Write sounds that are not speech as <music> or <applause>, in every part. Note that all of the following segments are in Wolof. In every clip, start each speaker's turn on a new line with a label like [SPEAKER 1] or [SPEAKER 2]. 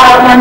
[SPEAKER 1] Yeah.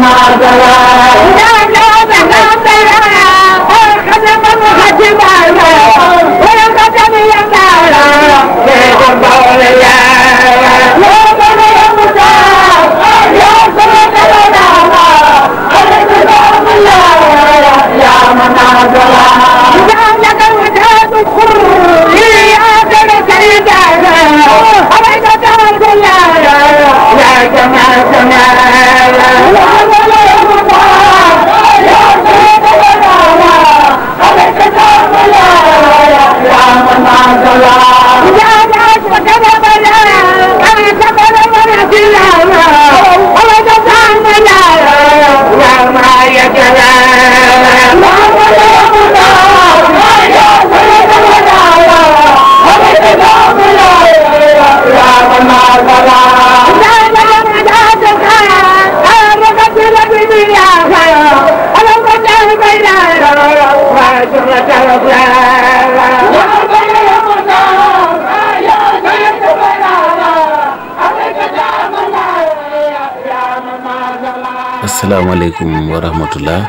[SPEAKER 2] asalaamaaleykum wa rahmatullah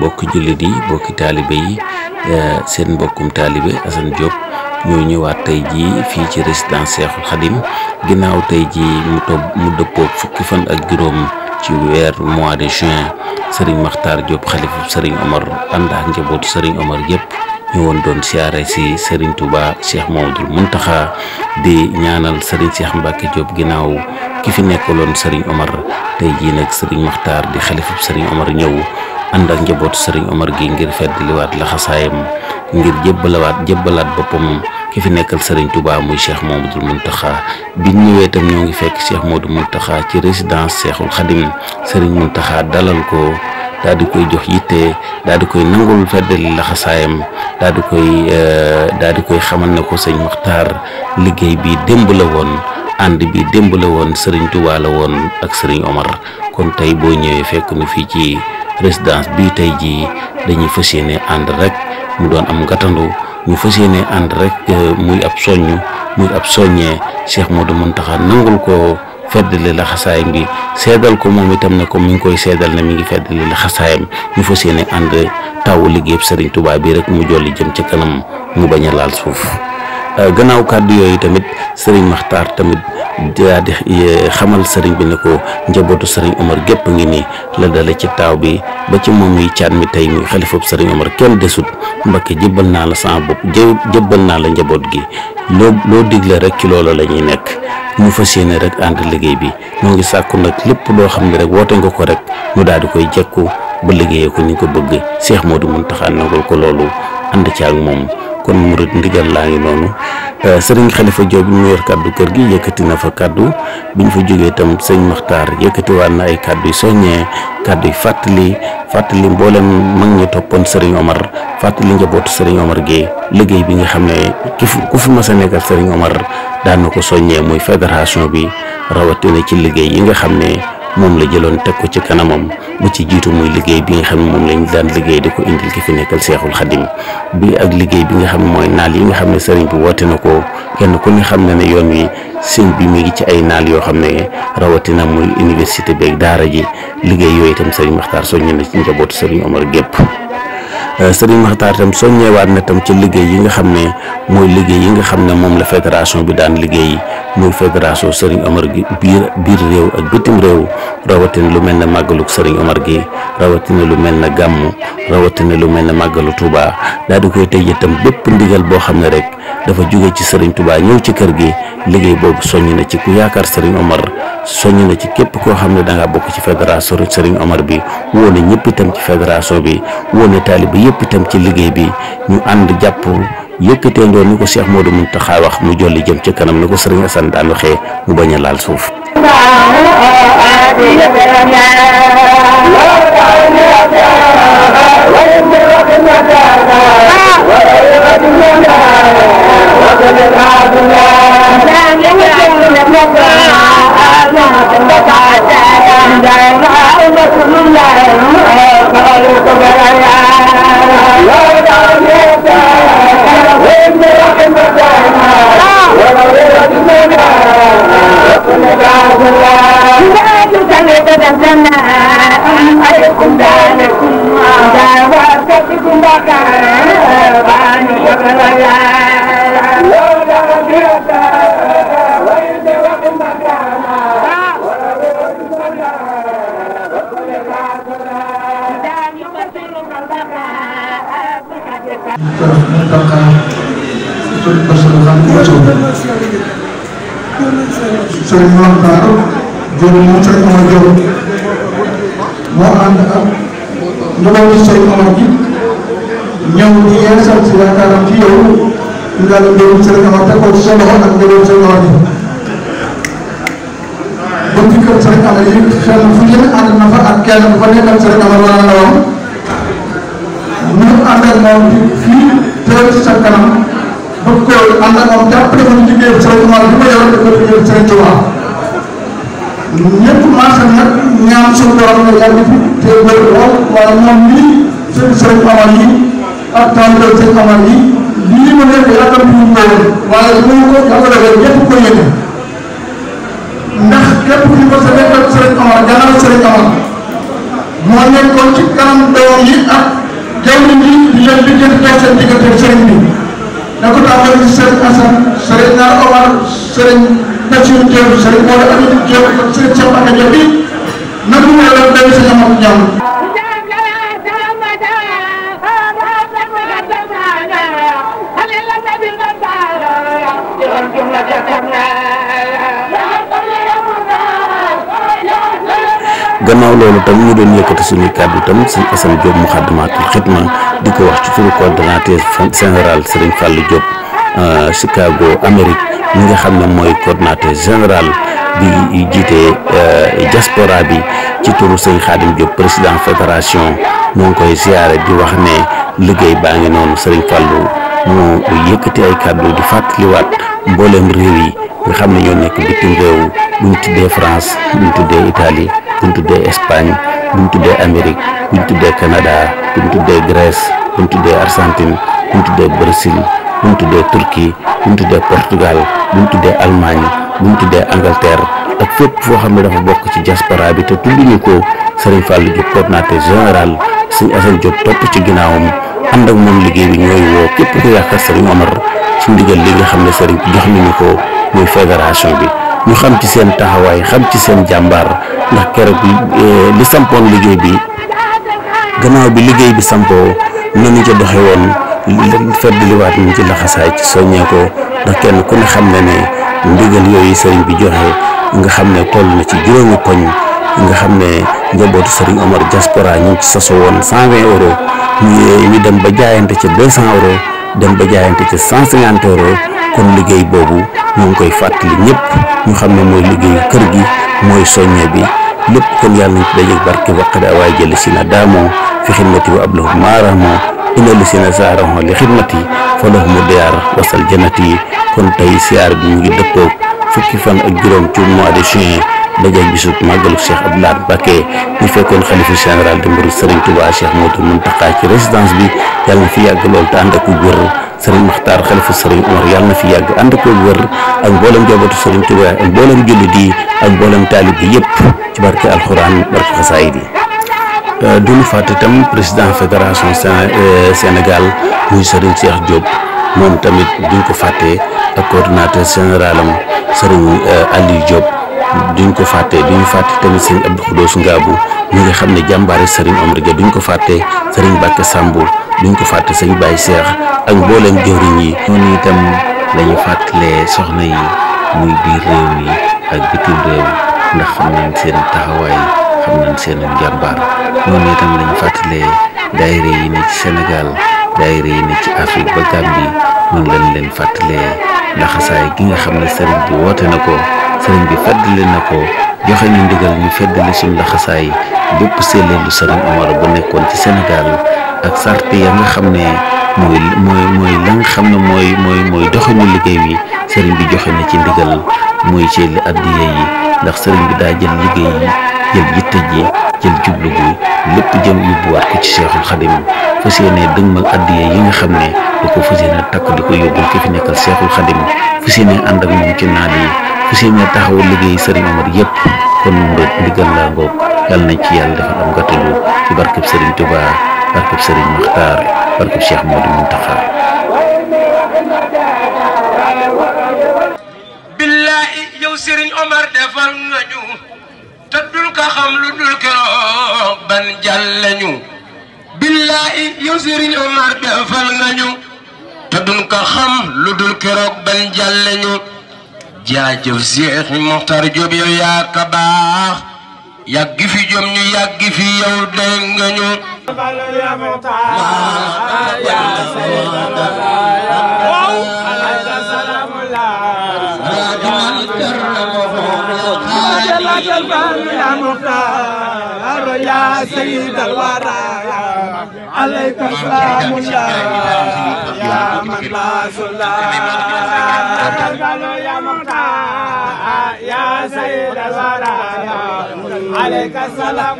[SPEAKER 2] bokki jullit yi bokki taalibe yi eh, seen mbokkum taalibe Assane Diop ñoo ñëwaat tey jii fii ci résidence Cheikhoul Khadim ginnaaw tey jii mu toog mu dëppoog fukki fan ak juróom ci weer mois de juin Serigne Makhtar Diop xalifu Serigne Omar ànd ak njabootu Serigne Omar yëpp ñu doon siyaare si Serigne Touba Cheikh Mamadou Mountakha di ñaanal Serigne Cheikh Mbacke Diop ginnaaw ki fi nekkaloon Serigne Omar tey jii nag Serigne Makhtar di xalifab Serigne Omar ñëw ànd ak njabootu Serigne Omar gi ngir feddliwaat laxasaayam ngir jébbalawaat jébbalaat boppam ki fi nekkal Serigne Touba muy Cheikh Mamadou Mountakha bi ñëwee tam ñoo ngi fekk Cheikh Mamadou Mountakha ci résidence Cheikhul Khadim Serigne Mountakha dalal ko. daal koy jox yitte daal koy nangul feddali laxasaayam daal di koy euh, daal di koy xamal ne ko sëñ Maxtaar liggéey bii démb la woon ànd bi démb la woon sëriñ Tuubaa woon ak sëriñ Omar kon tey boo ñëwee fekk nu fii ci résidence bi tey jii dañuy fas yéene ànd rek mu doon am ngatandu ñu fas yéene ànd rek euh, muy ab soññ muy ab soññee Cheikh Modou Mountakha nangul ko. feddali la xasaayam bi seedal ko moom itam ne ko mi ngi koy seedal ne mi ngi feddali la xasaayam ñu fas yéene ànd taw liggéeyub Serigne tubaab bi rek mu jolli jëm ci kanam mu bañ a laal suuf. Euh, gannaaw kàddu yooyu tamit sëriñ Maxtaar tamit daa di xamal sëriñ bi ne ko njabootu sëriñ Omar gépp ngi nii la dale ci taaw bi ba ci moom yi caat mi tey muy xalifab sëriñ Omar kenn desut mbakke jëbbal naa la sama bopp jëbbal naa la njaboot gi loo loo digle rek ci loolu la ñuy nekk ñu fas yéene rek ànd liggéey bi ñoo ngi sàkku nag lépp loo xam ne rek woote nga ko rek ñu daal di koy jekku ba liggéeyee ko ni ko bëgg Seex Moodu Muntaxa nangul ko loolu ànd ci ak moom kon murit ndigal laa ngi noonu euh, sëriñ Xalifa Joob bi mu yor kàddu kër gi yëkkati na fa kàddu bi ñu fa jógee itam sëñ Maxtaar yëkkatiwaat na ay kàddu yu soññee kàddu yu fàttali fàttali mboolem mag ñi toppoon sëriñ Omar fàttali njabootu sëriñ Omar Gueye liggéey bi nga xam ne ki ku fi ma a nekkal sëriñ Omar daan na ko soññee muy fédération bi rawatina ci liggéey yi nga xam ne. moom la jëloon teg ko ci kanamam ba ci jiitu muy liggéey bi nga xam ne moom lañ daan liggéey di ko indil ki fi nekkal seexul xadim bi ak liggéey bi nga xam mooy naal yi nga xam ne sëriñ bi woote na ko kenn ku xam ne ne yoon wi sëñ bi mi ngi ci ay naal yoo xam ne rawatina muy université beeg daara ji liggéey yooyu itam sëriñ Maxtaar soññe na ci njabootu sëriñ Omar gépp euh, sëriñ Maxtaar itam soññewaat na tam ci liggéey yi nga xam ne mooy liggéey yi nga xam ne moom la fédération bi daan liggéey muy fédération Serigne Omar gi biir biir réew ak bitim réew rawatina lu mel ne màggaluk Serigne Omar gi rawatina lu mel na gàmmu rawatina lu mel ne màggalu tubaa daal di koy tëj itam bépp ndigal boo xam ne rek dafa jóge ci Serigne tubaa ñëw ci kër gi liggéey boobu soññ na ci ku yaakaar Serigne Omar soññ na ci képp koo xam ne danga ngaa bokk ci fédération Serigne Omar bi woo na ñëpp itam ci fédération bi woo na taaliba yëpp itam ci liggéey bi ñu ànd jàpp. yëkkatee ndoon ni ko moo Cheikh Modou Mountakha wax mu jolli jëm ca kanam ni ko Serigne Assane daan waxee mu bañ laal suuf.
[SPEAKER 3] la. sëriñ Moussa Diop moom sëriñ Omar Diop moo ànd ak ndawal sëriñ Omar bi ñëw di yeesal si yaakaaram ci yow ñu daal di jëloon sëriñ Omar teg ko ci sa loxo ak jëloon sëriñ Omar bi. ba ci kër sëriñ Omar yi xel fu ñu ànd na fa ak kenn bu fa nekkal sëriñ Omar wala ndawam ñu ànd ak moom fii teew ci sa kanam bëgg ko ànd ak moom jàppale ko ci liggéey Sëriñ Tuubaa bi
[SPEAKER 1] ma yor ko liggéey Sëriñ Tuubaa ñëpp marché nag ñaan suñu borom nga yàgg fi te wér lool waaye ñoom lii seen sëriñ amal yi ak tàmbali seen amal yi lii mu nekk yàggal bi ñu koy ko yàgg defee ñëpp ko yëge ndax képp ku ñu sa nekkal sëriñ amal gannaaw sëriñ amal
[SPEAKER 3] moo ci kanam doom yi jawriñ ji di leen liggéey dox seen diggante sëriñ bi na ko tàmbali ci sëriñ Assane sëriñ Naar Omar sëriñ Bachir Diop sëriñ Modou Amidou Diop ak sëriñ Cheikh Mbacke Diop bi na mu sa ñam ak
[SPEAKER 2] gannaaw loolu tam ñu doon yëkkati suñuy kàddu tam sëñ Assane Diop Moukhaddamatoul Khidma di ko wax ci turu coordonnateur général Serigne Fallou Diop euh, Chicago Amérique mi nga xam ne mooy coordonnateur général bi jiite euh, diaspora bi ci turu sëñ Khadim Diop président fédération ñoo ngi koy ziare di wax ne liggéey baa ngi noonu Serigne Fallou mu yëkkati ay kàddu di fàttaliwaat mbooleem réew yi nga xam ne ñoo nekk bitim réew bu tuddee France bu tuddee Italie. buñ tuddee Espagne buñ tuddee Amérique buñ tuddee Canada buñ tuddee Grèce buñ tuddee Argentine buñ tuddee Brésil buñ tuddee Turquie buñ tuddee Portugal buñ tuddee Allemagne buñ tuddee Angleterre ak fépp foo xam ne dafa bokk ci diaspora bi te tudduñu ko Serigne Fallou Diop coordinateur général Serigne Assane jot topp ci ginnaawam ànd ak moom liggéey bi ñooy woo képp ku yaakaar Serigne Omar ci ndigal li nga xam ne Serigne jox nañu ko mooy fédération bi ñu xam ci seen taxawaay xam ci seen jàmbaar ndax keroog li eh, sampoon liggéey bi gannaaw bi liggéey bi sampoo na ñu ca doxe woon fedd liwaat ñu ci laxasaay ci soññee ko ndax kenn ku ne xam ne ne ndigal yooyu sëriñ bi joxe nga xam ne toll na ci juróomi koñ nga xam ne njabootu sëriñ Omar diaspora ñu ci saso woon cent vingt ñu ñu dem ba jaayante ca deux cent euros dem ba jaayante ca cent cinquante euros kon liggéey boobu ñu ngi koy fàttali ñëpp ñu xam ne mooy liggéeyu kër gi mooy soññe bi lépp kon yàlla nañ ci dajeeg barke waqada awaay jëli si na daamoo fi xidmati wa ablahu maaraamoo inali si na saaraamoo li xidmati fa lahum diyaar wasal janati kon tey siyaar bi ñu ngi dëppoog fukki fan ak juróom ci mois de juin dajeeg bisub màggalu Cheikh Abdoul Ahad Mbacké ñu fekkoon xalifa général de Mouride Serigne Touba Cheikh Modou Mountakha ci résidence bi yàlla na fi yàgg lool te ànd ak wér Serigne Makhtar xalifa Serigne Omar yàlla na fi yàgg ànd ak wér ak mboolem njabootu Serigne Touba ak mboolem jullit yëpp. ci barke alxuraan barke xasaayid yi euh, duñu fàtte itam président fédération euh, Sénégal muy Serigne Cheikh Diop moom tamit duñ ko fàtte ak coordinateur général am Serigne euh, Aliou Diop duñ ko fàtte duñu fàtte tamit Serigne Abdou Khoudous Ngaabu ñi nga xam ne jàmbaare Serigne Omar Dia duñ ko fàtte Serigne Bakke Sambour duñ ko fàtte Serigne Baye Cheikh ak mbooleem jëwriñ yi noonu itam lañu fàttalee soxna yi muy biir réew mi ak bitim réew ndax xam nañ seen taxawaay xam nañ seen jàmbaar noonu itam lañ fàttalee daayira yi ne ci Sénégal daayira yi ne ci Afrique ba Gambie noonu lañ leen fàttalee laxasaay gi nga xam ne sëriñ bi woote na ko sëriñ bi feddali na ko joxe ñu ndigal ñu feddali suñu laxasaay bépp selleelu sëriñ Omar bu nekkoon ci senegaal ak sart ya nga xam ne mooy mooy mooy la xam ne mooy mooy mooy doxinu liggéey bi sëriñ bi joxe na ci ndigal muy ci li addiya yi ndax sëriñ bi daa jël liggéey yi jël yitte ji jël jublu gi lépp jëm yóbbuwaat ko ci Seexul Xadim fas yéene dëgmal addiya yi nga xam ne da ko fas yéene takk di ko yóbbul ki fi nekkal Seexul Xadim fas yéene ànd ak moom ci naaj yi fas yéene taxawu liggéey sëriñ Omar yëpp kon moom rek ndigal laa ngoog yàlla nañ ci yàlla defal am gàttalu ci barkeb sëriñ Touba barkeb sëriñ Maxtaar barkeb Cheikh Modou Mountakha
[SPEAKER 1] yow Serigne Omar defal nga ñu te dul ka xam lu dul keroog ban jàll ñu. billaahi yow Serigne Omar defal nga ñu te dul ka xam lu dul keroog ban jàll ñu.
[SPEAKER 2] jaajëf Cheikh Mokhtar Diop yow yaa ka baax yàgg fi jom ñu yàgg fi yow dégg nga ñu. waaw.
[SPEAKER 4] ذات البر يا مختار يا سيد
[SPEAKER 1] الورى عليك السلام يا يا من لا سلام يا مختار
[SPEAKER 3] يا سيد الورى عليك السلام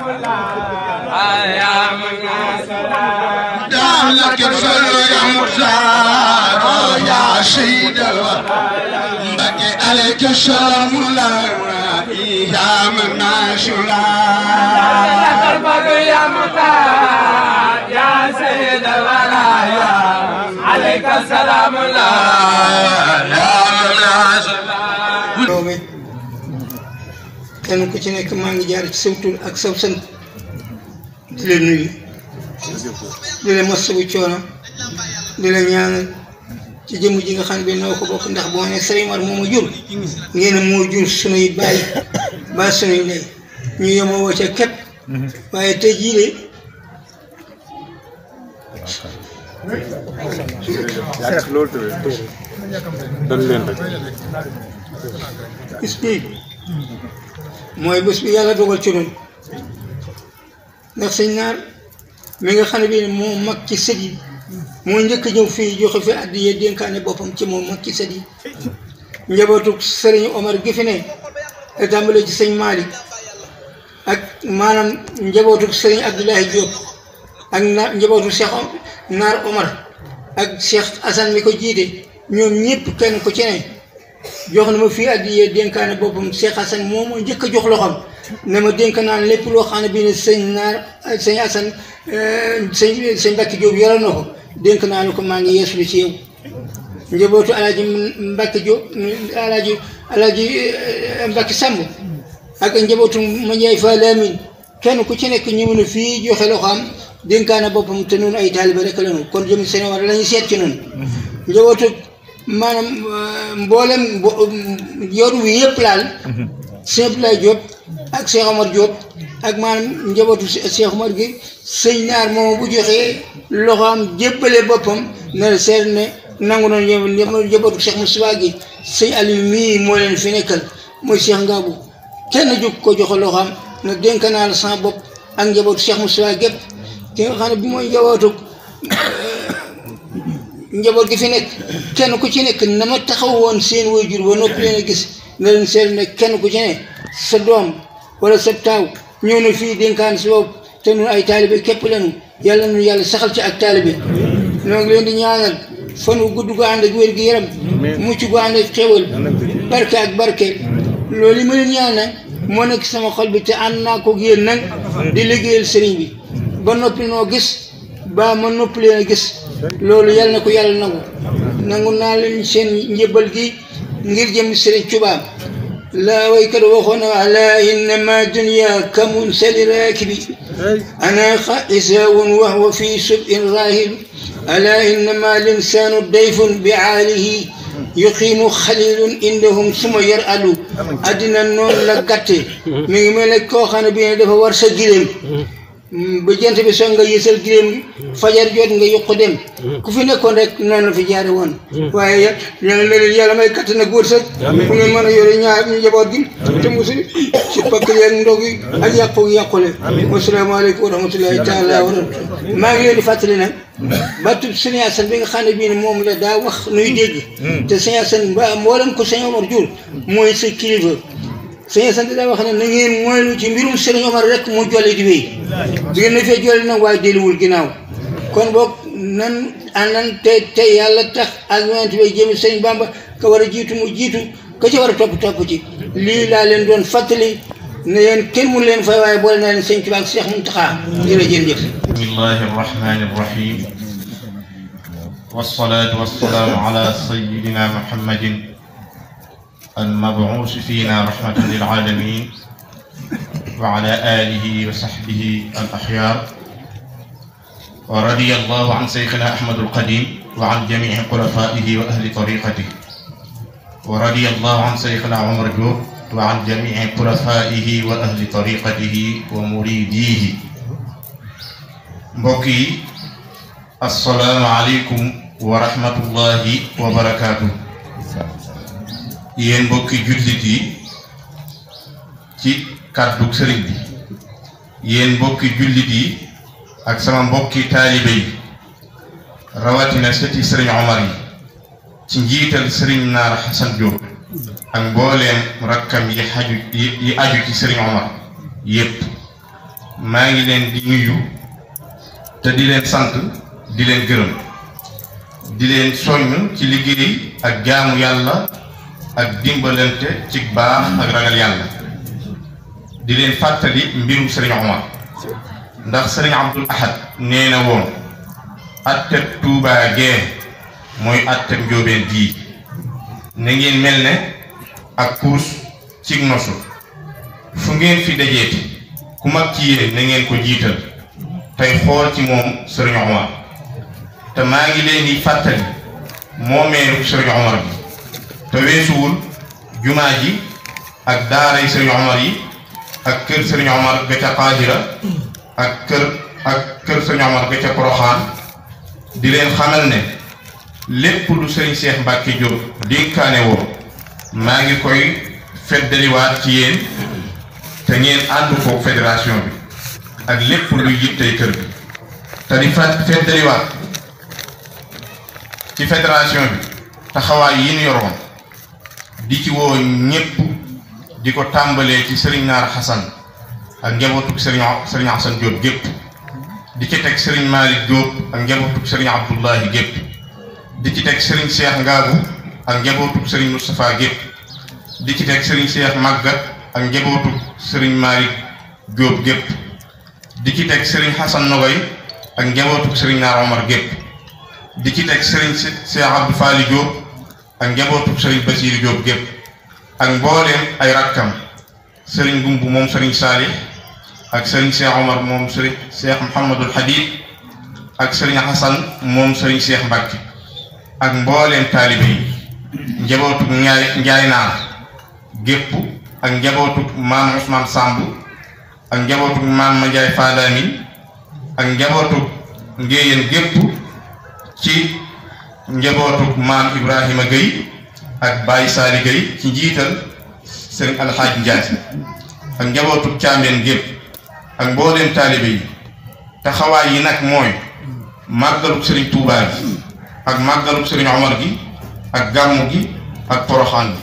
[SPEAKER 3] يا من لا سلام لك الفر يا مختار يا سيد الورى بقي عليك السلام الله إيام ناشرا
[SPEAKER 1] لقلبك يا مطاع يا سيد الولايا
[SPEAKER 3] عليك السلام الله يا
[SPEAKER 1] مناشرا
[SPEAKER 3] kenn ku ci nekk maa ngi jaar ci saw tur ak saw sant di leen nuyu di leen masawu coono di leen ñaanal ci jëmm ji nga xam ne bi noo ko bokk ndax boo ne Sëriñ Mar moo ma jur ngeen moo jur sunuy bàyyi ba sunuy ndey ñu yemoo woo ca waaye tey jii de mooy bés bi yàlla dogal ci noonu ndax sëñ naar mi nga xam ne bi moo mag ci sëj moo njëkk ñëw fii joxe fi addiye dénkaane boppam ci moom ak ci sët sëriñ Omar gi fi ne te tàmbale ci sëñ Malick ak maanaam njabootu sëriñ Abdoulaye Diop ak na njabootu Cheikh Naar Omar ak Cheikh Assane mi ko jiite ñoom ñëpp kenn ko ci ne jox na ma fii addiye dénkaane boppam Cheikh Assane moom njëkk a jox loxoom ne ma dénk naan lépp loo xam ne bii ne sëñ Naar sëñ Assane sëñ sëñ Mbacke Diop dénk naa la ko maa ngi ci yow njabootu alaaji Mbàkke jo alaaji alaaji eh, Mbàkke ak njabootu ma njaay fa laamin kenn ku ci nekk ñëw na fii joxe loxo am dénkaana boppam te noonu ay taaliba rek la ñu kon jëm seen war la seet ci noonu njabootu maanaam eh, mboolem yoon wi laal simple lay Diop ak Cheikh jot ak maanaam njabootu Cheikh Omar gi sëñ naar moom bu joxee loxoom jébbale boppam na la seet ne nangu na njabootu Cheikh Moustapha gi sëñ Aliou moo leen fi nekkal mooy Cheikh kenn jóg ko joxe loxoom na dénk naa la sama ak njabootu Cheikh Moustapha gépp ki bi mooy njabootu <coughs> njaboot gi fi nekk kenn ku ci nekk na ma taxaw woon seen waajur ba noppi leen a gis na leen seet ne kenn ku ci ne sa doom walla sa taaw ñëw na fii dénkaan si boobu te ñun ay taalibe képp lañu yàlla nu yàlla saxal ci ak taalibe ñoo ngi leen di ñaanal fan wu gudd gu ànd ak wér gu yaram mucc gu ànd ak xéwal barke ak barke loolu yi ma leen ñaanal moo nekk sama xol bi te ànd naa ko yéen nag di liggéeyal sëriñ bi ba noppi noo gis ba ma noppi leen a gis loolu yàlla na ko yàlla nag nangu naa leen seen njëbal gi ngir jëm sëriñ Tuubaa لا ويكر وخنا على إنما دنيا كمنسل راكب أنا خائساو وهو في سبء راهب ألا إنما الإنسان ضيف بعاله يقيم خليل عندهم ثم يرأل أدنى النون لقته من ملك كوخان بين دفا ورسا جلم Mm, ba jant bi soog nga yësal gileem gi mm. fajar jot nga yokk dem mm. ku fi nekkoon rek noonu la fi jaare woon waaye yàlla na leen yàlla may kattan ak wërsëg bu ngeen mën a yore ñaar njaboot gi te musu si pakk yi ak ndog yi ak yàqu yàqule wasalaamaaleykum wa rahmatulahi taala wa barakatu maa ngi leen di fàttali nag batub sëñ Asan bi nga xam ne bii ne moom la daa wax nuy dégg te sëñ Asan ba mboolem ko sëñ Omar jur mooy sa kilifa suñu sant daa wax ne na ngeen moylu ci mbirum Serigne Omar rek mu jolli di wéy di ngeen na fee jolli nag waaye delluwul ginnaaw kon boog nan àndan te te yàlla tax ak yonent bi jëmi Serigne Bamba ka war a jiitu mu jiitu ka ci war a topp topp ci lii laa leen doon fàttali ne leen kenn mënu leen fay waaye boole naa leen sëñ Tuubaa ak Cheikh Mountakha jërëjëf
[SPEAKER 4] bismillahi rahmani rahim wasalaatu wasalaamu ala sayidina muhammadin المبعوث فينا رحمة للعالمين وعلى آله وصحبه الأخيار ورضي الله عن شيخنا أحمد القديم وعن جميع خلفائه وأهل طريقته ورضي الله عن شيخنا عمر جور وعن جميع خلفائه وأهل طريقته ومريديه بقي السلام عليكم ورحمة الله وبركاته yéen mbokki jullit yi ci kàddu sëriñ bi yéen mbokki jullit yi ak sama mbokki taalibe yi rawatina sëti sëriñ Omar yi ci njiital sëriñ Naar Xasan Diop ak mbooleem rakkam yi aju ci sëriñ Omar yépp maa ngi leen di nuyu te di leen sant di leen gërëm di leen soññ ci liggéey ak jaamu yàlla ak dimbalante ci baax ak ragal yàlla di leen fàttali mbirum sëriñ Omar ndax sëriñ Abdul Ahad nee na woon atteb Tuubaa gee mooy atteb njóobeen jii na ngeen mel ne ak kuus cig nosu fu ngeen fi dajeeti ku mag ci yéen na ko jiital tey xool ci moom sëriñ Omar te maa ngi leen di fàttali moomeeru sëriñ Omar bi te weesuwul jumaa ji ak daaray sëriñ Omar yi ak kër sëriñ Omar ga ca Qaahira ak kër ak kër sëriñ Omar ga ca Poroxaan di leen xamal ne lépp lu sëriñ Cheikh Mbacke Diop dénkaane woon maa ngi koy feddaliwaat ci yéen te ngeen ànd ko fédération bi ak lépp luy yittey kër bi te di fat feddaliwaat ci fédération bi taxawaay yi ñu yoroon di ci woo ñëpp di ko tàmbalee ci sëriñ Naar Xasan ak njabootuk sëriñ sëriñ Xasan Diop gépp di ci teg sëriñ Malick Diop ak njabootuk sëriñ Abdullahi gépp di ci teg sëriñ Cheikh Ngaabu ak njabootuk sëriñ Moustapha gépp di ci teg sëriñ Cheikh Màggat ak njabootuk sëriñ Malick Diop gépp di ci teg sëriñ Xasan Nogoy ak njabootuk sëriñ Naar Omar gépp di ci teg sëriñ Cheikh Abdou Fali Diop ak njabootu sëriñ Basiiru Jóob gépp ak mbooleem ay rakkam sëriñ Gumbu moom sëriñ Saalih ak sëriñ Cheikh Omar moom sëriñ Cheikh Mouhamadul Hadid ak sëriñ Hassan moom sëriñ Cheikh Mbacke ak mbooleem taalibe yi njabootu ñaay njaay naar gépp ak njabootu maam Ousmane Samb ak njabootu maam Mandiaye Fadamin ak njabootu ngéeyeen gépp njabootuk maam Ibrahima Gueye ak Baye Sali ci njiital seen Alxaaj Njaay ak njabootuk Caameen gépp ak mbooleem taalibe yi taxawaay yi nag mooy màggaluk sëriñ Touba gi ak màggaluk sëriñ Omar gi ak gàmmu gi ak poroxaan gi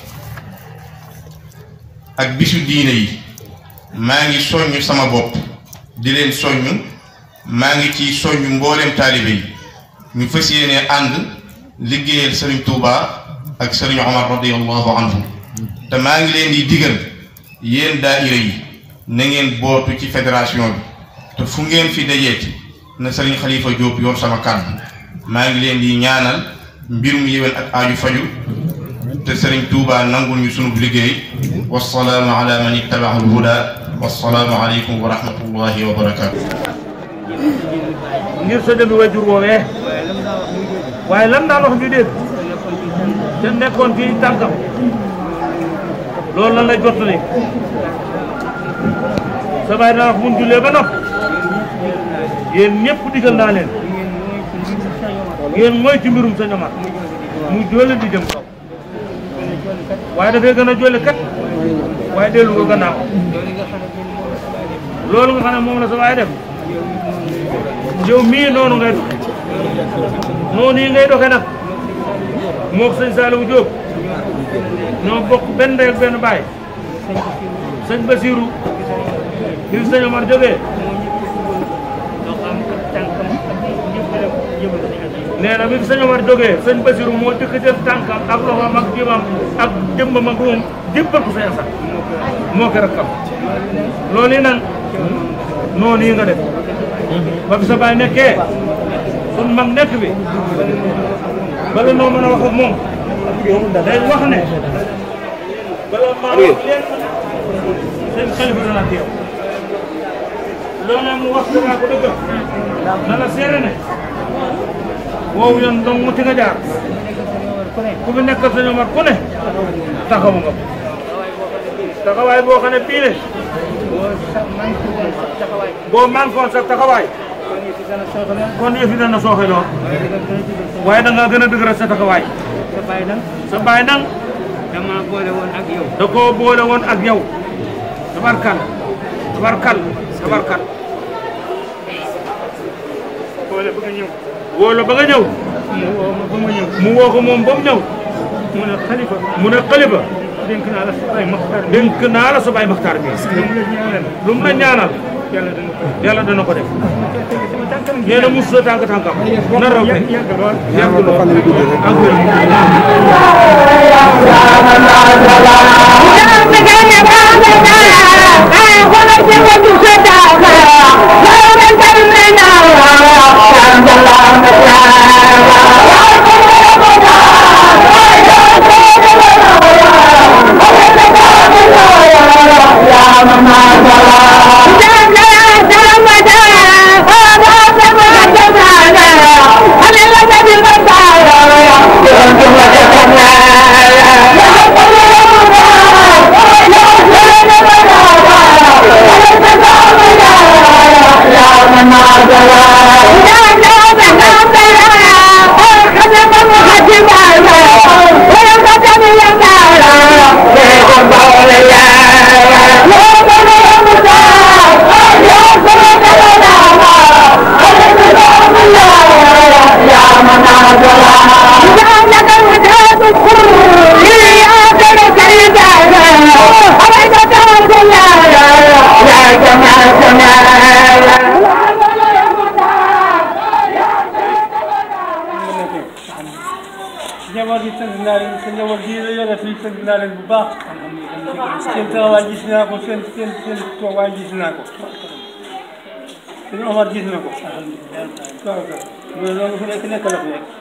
[SPEAKER 4] ak bisu diine yi maa ngi soññ sama bopp di leen soññ maa ngi ci soññ mbooleem taalibe yi ñu fas yéene ànd liggéeyal sëriñ Touba ak sëriñ Omar radiyallahu anhu te maa ngi leen di digal yéen daayira yi na ngeen bootu ci fédération bi te fu ngeen fi dajeeti na sëriñ xalifa Diop yor sama kàddu maa ngi leen di ñaanal mbir mu yéwén ak aaju faju te sëriñ Touba nangul ñu sunub liggéey wassalaamu ala man ittaba'a al-huda wassalaamu aleykum wa rahmatullahi wa barakaatu ngir sa dëndu wajur woowee
[SPEAKER 1] waaye lan daan wax ñu déet te nekkoon fii tànkam loolu lan lay jottali sa baay daan wax mun jullee ba nopp yéen ñëpp digal naa leen yéen mooy ci mbirum sa mu joole di jëm waaye dafay gën a joole kat waaye dellu ko gannaaw loolu nga xam moom la sa baay def mii noonu ngay def noonu yi ngay doxee nag moog sëñ Saliou Diop ñoo bokk benn ndey ak benn baay sëñ Basirou bi fi sëñ Omar jógee nee na Omar jógee sëñ Basirou moo dëkk jël ak loxoom ak jëmam ak jëmmam ak moom jébbal ko sëñ moo ko rakkam loolu yi nag noonu yi nga def baay nekkee sun mag nekk bi bala noo mën a wax ak wax ne bala maa wax leen seen xalifa dana mu wax danaa ko dëgg na la seere ne woowu yoon dong mu ci jaar ku fi nekkal sañu ku ne taxawaay boo xam ne bii boo man foon sax taxawaay kon yëf a dana sooxe lool waaye da nga gën a dëgëral sa taxawaay sa baay nag sa dama boole woon ak yow da koo boole woon ak yow tabarkal tabarkal tabarkal boole ba nga ñëw boole ba nga ñëw mu woo ma ba ma ko moom ba mu ñëw mu ne xalifa mu ne xalifa naa la sa maxtaar dénk lu mu la ñaanal yàlla dana ko def nee na musu la tànk tànkam na raw yàgg lool yàgg lool ak wér naa leen bu baax seen taxawaay
[SPEAKER 3] gis naa ko seen seen seen toogaay gis naa ko seen Omar gis na ko waaw loolu fu nekk nekk la fi nekk